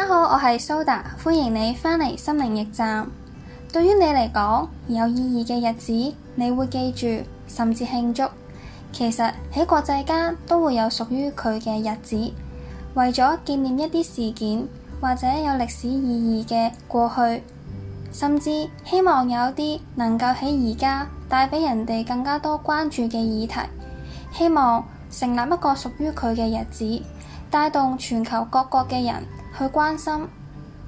大家好，我係蘇打，歡迎你返嚟心靈驛站。對於你嚟講有意義嘅日子，你會記住，甚至慶祝。其實喺國際間都會有屬於佢嘅日子，為咗紀念一啲事件或者有歷史意義嘅過去，甚至希望有啲能夠喺而家帶俾人哋更加多關注嘅議題，希望成立一個屬於佢嘅日子，帶動全球各國嘅人。去關心，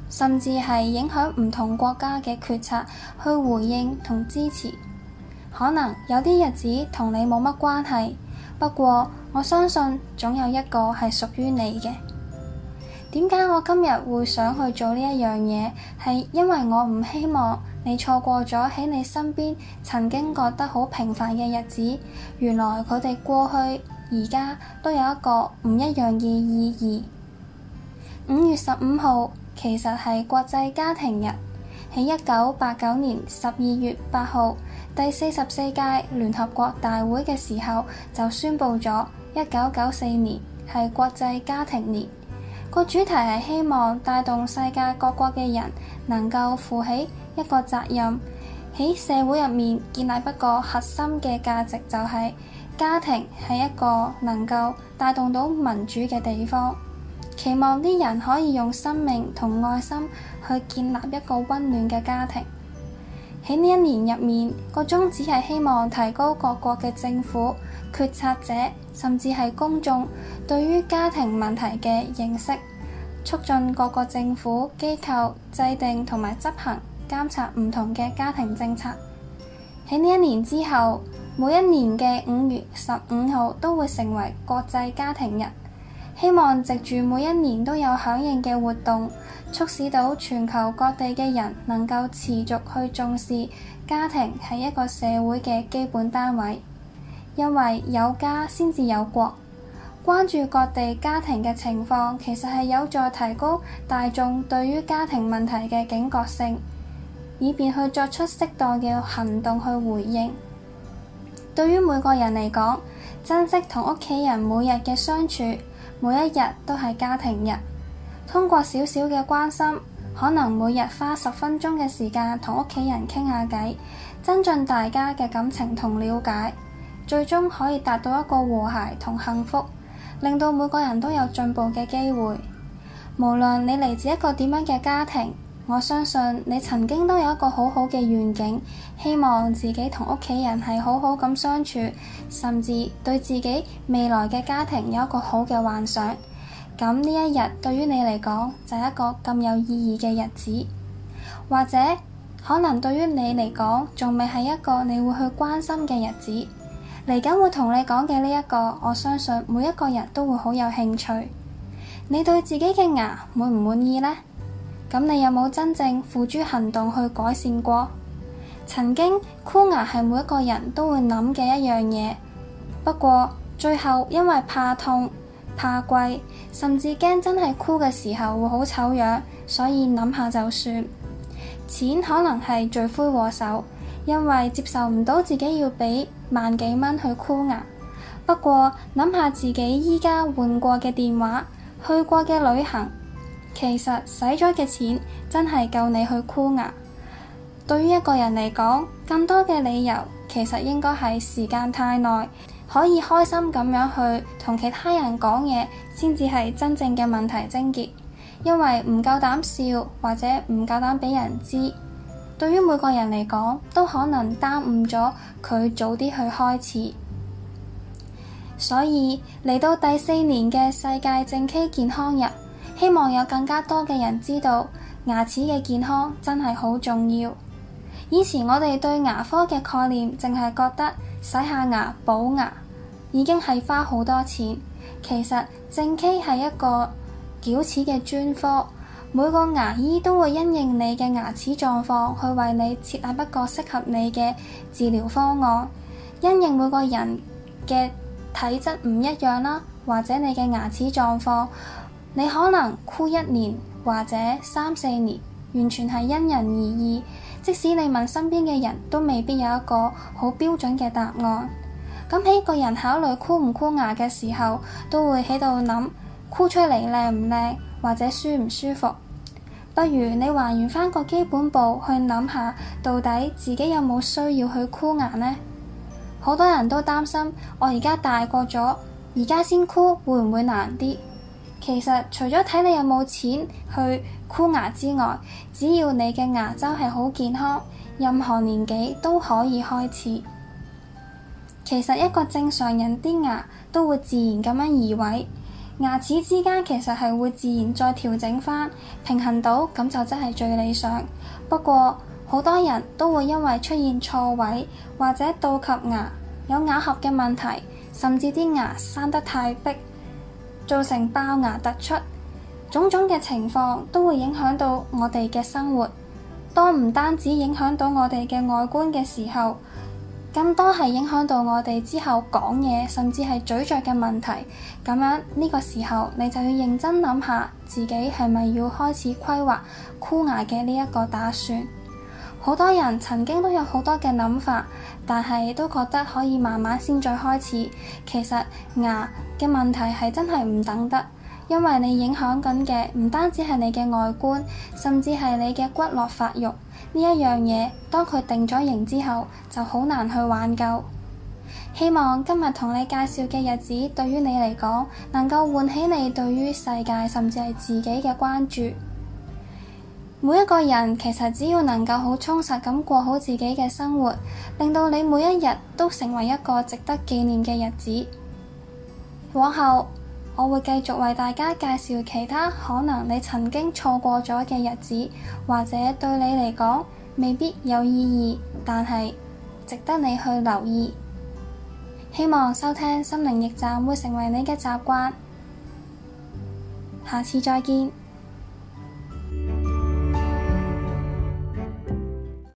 甚至係影響唔同國家嘅決策，去回應同支持。可能有啲日子同你冇乜關係，不過我相信總有一個係屬於你嘅。點解我今日會想去做呢一樣嘢？係因為我唔希望你錯過咗喺你身邊曾經覺得好平凡嘅日子。原來佢哋過去而家都有一個唔一樣嘅意義。五月十五號其實係國際家庭日，喺一九八九年十二月八號第四十四屆聯合國大會嘅時候就宣布咗一九九四年係國際家庭年，個主題係希望帶動世界各國嘅人能夠負起一個責任，喺社會入面建立一個核心嘅價值，就是，就係家庭係一個能夠帶動到民主嘅地方。期望啲人可以用生命同愛心去建立一個溫暖嘅家庭。喺呢一年入面，個宗旨係希望提高各國嘅政府決策者，甚至係公眾對於家庭問題嘅認識，促進各個政府機構制定同埋執行監察唔同嘅家庭政策。喺呢一年之後，每一年嘅五月十五號都會成為國際家庭日。希望藉住每一年都有響應嘅活動，促使到全球各地嘅人能夠持續去重視家庭係一個社會嘅基本單位，因為有家先至有國。關注各地家庭嘅情況，其實係有助提高大眾對於家庭問題嘅警覺性，以便去作出適當嘅行動去回應。對於每個人嚟講，珍惜同屋企人每日嘅相處。每一日都係家庭日，通過少少嘅關心，可能每日花十分鐘嘅時間同屋企人傾下偈，增進大家嘅感情同了解，最終可以達到一個和諧同幸福，令到每個人都有進步嘅機會。無論你嚟自一個點樣嘅家庭。我相信你曾經都有一個好好嘅願景，希望自己同屋企人係好好咁相處，甚至對自己未來嘅家庭有一個好嘅幻想。咁呢一日對於你嚟講就係一個咁有意義嘅日子，或者可能對於你嚟講仲未係一個你會去關心嘅日子。嚟緊會同你講嘅呢一個，我相信每一個人都會好有興趣。你對自己嘅牙滿唔滿意呢？咁你有冇真正付諸行動去改善過？曾經箍牙係每一個人都會諗嘅一樣嘢，不過最後因為怕痛、怕貴，甚至驚真係箍嘅時候會好醜樣，所以諗下就算。錢可能係罪魁禍首，因為接受唔到自己要畀萬幾蚊去箍牙。不過諗下自己依家換過嘅電話，去過嘅旅行。其實使咗嘅錢真係夠你去箍牙。對於一個人嚟講，更多嘅理由其實應該係時間太耐，可以開心咁樣去同其他人講嘢，先至係真正嘅問題症結。因為唔夠膽笑或者唔夠膽畀人知，對於每個人嚟講，都可能耽誤咗佢早啲去開始。所以嚟到第四年嘅世界正畸健康日。希望有更加多嘅人知道牙齒嘅健康真係好重要。以前我哋對牙科嘅概念淨係覺得洗下牙，補牙已經係花好多錢。其實正畸係一個矯齒嘅專科，每個牙醫都會因應你嘅牙齒狀況去為你設立一個適合你嘅治療方案。因應每個人嘅體質唔一樣啦，或者你嘅牙齒狀況。你可能箍一年或者三四年，完全係因人而異。即使你問身邊嘅人都未必有一個好標準嘅答案。咁喺一個人考慮箍唔箍牙嘅時候，都會喺度諗箍出嚟靚唔靚，或者舒唔舒服。不如你還原翻個基本步去諗下，到底自己有冇需要去箍牙呢？好多人都擔心，我而家大個咗，而家先箍會唔會難啲？其實除咗睇你有冇錢去箍牙之外，只要你嘅牙周係好健康，任何年紀都可以開始。其實一個正常人啲牙都會自然咁樣移位，牙齒之間其實係會自然再調整返，平衡到，咁就真係最理想。不過好多人都會因為出現錯位，或者到及牙有咬合嘅問題，甚至啲牙生得太迫。造成爆牙突出，種種嘅情況都會影響到我哋嘅生活。當唔單止影響到我哋嘅外觀嘅時候，更多係影響到我哋之後講嘢，甚至係咀嚼嘅問題。咁樣呢個時候，你就要認真諗下自己係咪要開始規劃箍牙嘅呢一個打算。好多人曾經都有好多嘅諗法，但係都覺得可以慢慢先再開始。其實牙嘅問題係真係唔等得，因為你影響緊嘅唔單止係你嘅外觀，甚至係你嘅骨骼發育呢一樣嘢。當佢定咗型之後，就好難去挽救。希望今日同你介紹嘅日子，對於你嚟講，能夠喚起你對於世界，甚至係自己嘅關注。每一個人其實只要能夠好充實咁過好自己嘅生活，令到你每一日都成為一個值得紀念嘅日子。往後我會繼續為大家介紹其他可能你曾經錯過咗嘅日子，或者對你嚟講未必有意義，但係值得你去留意。希望收聽心靈驛站會成為你嘅習慣。下次再見。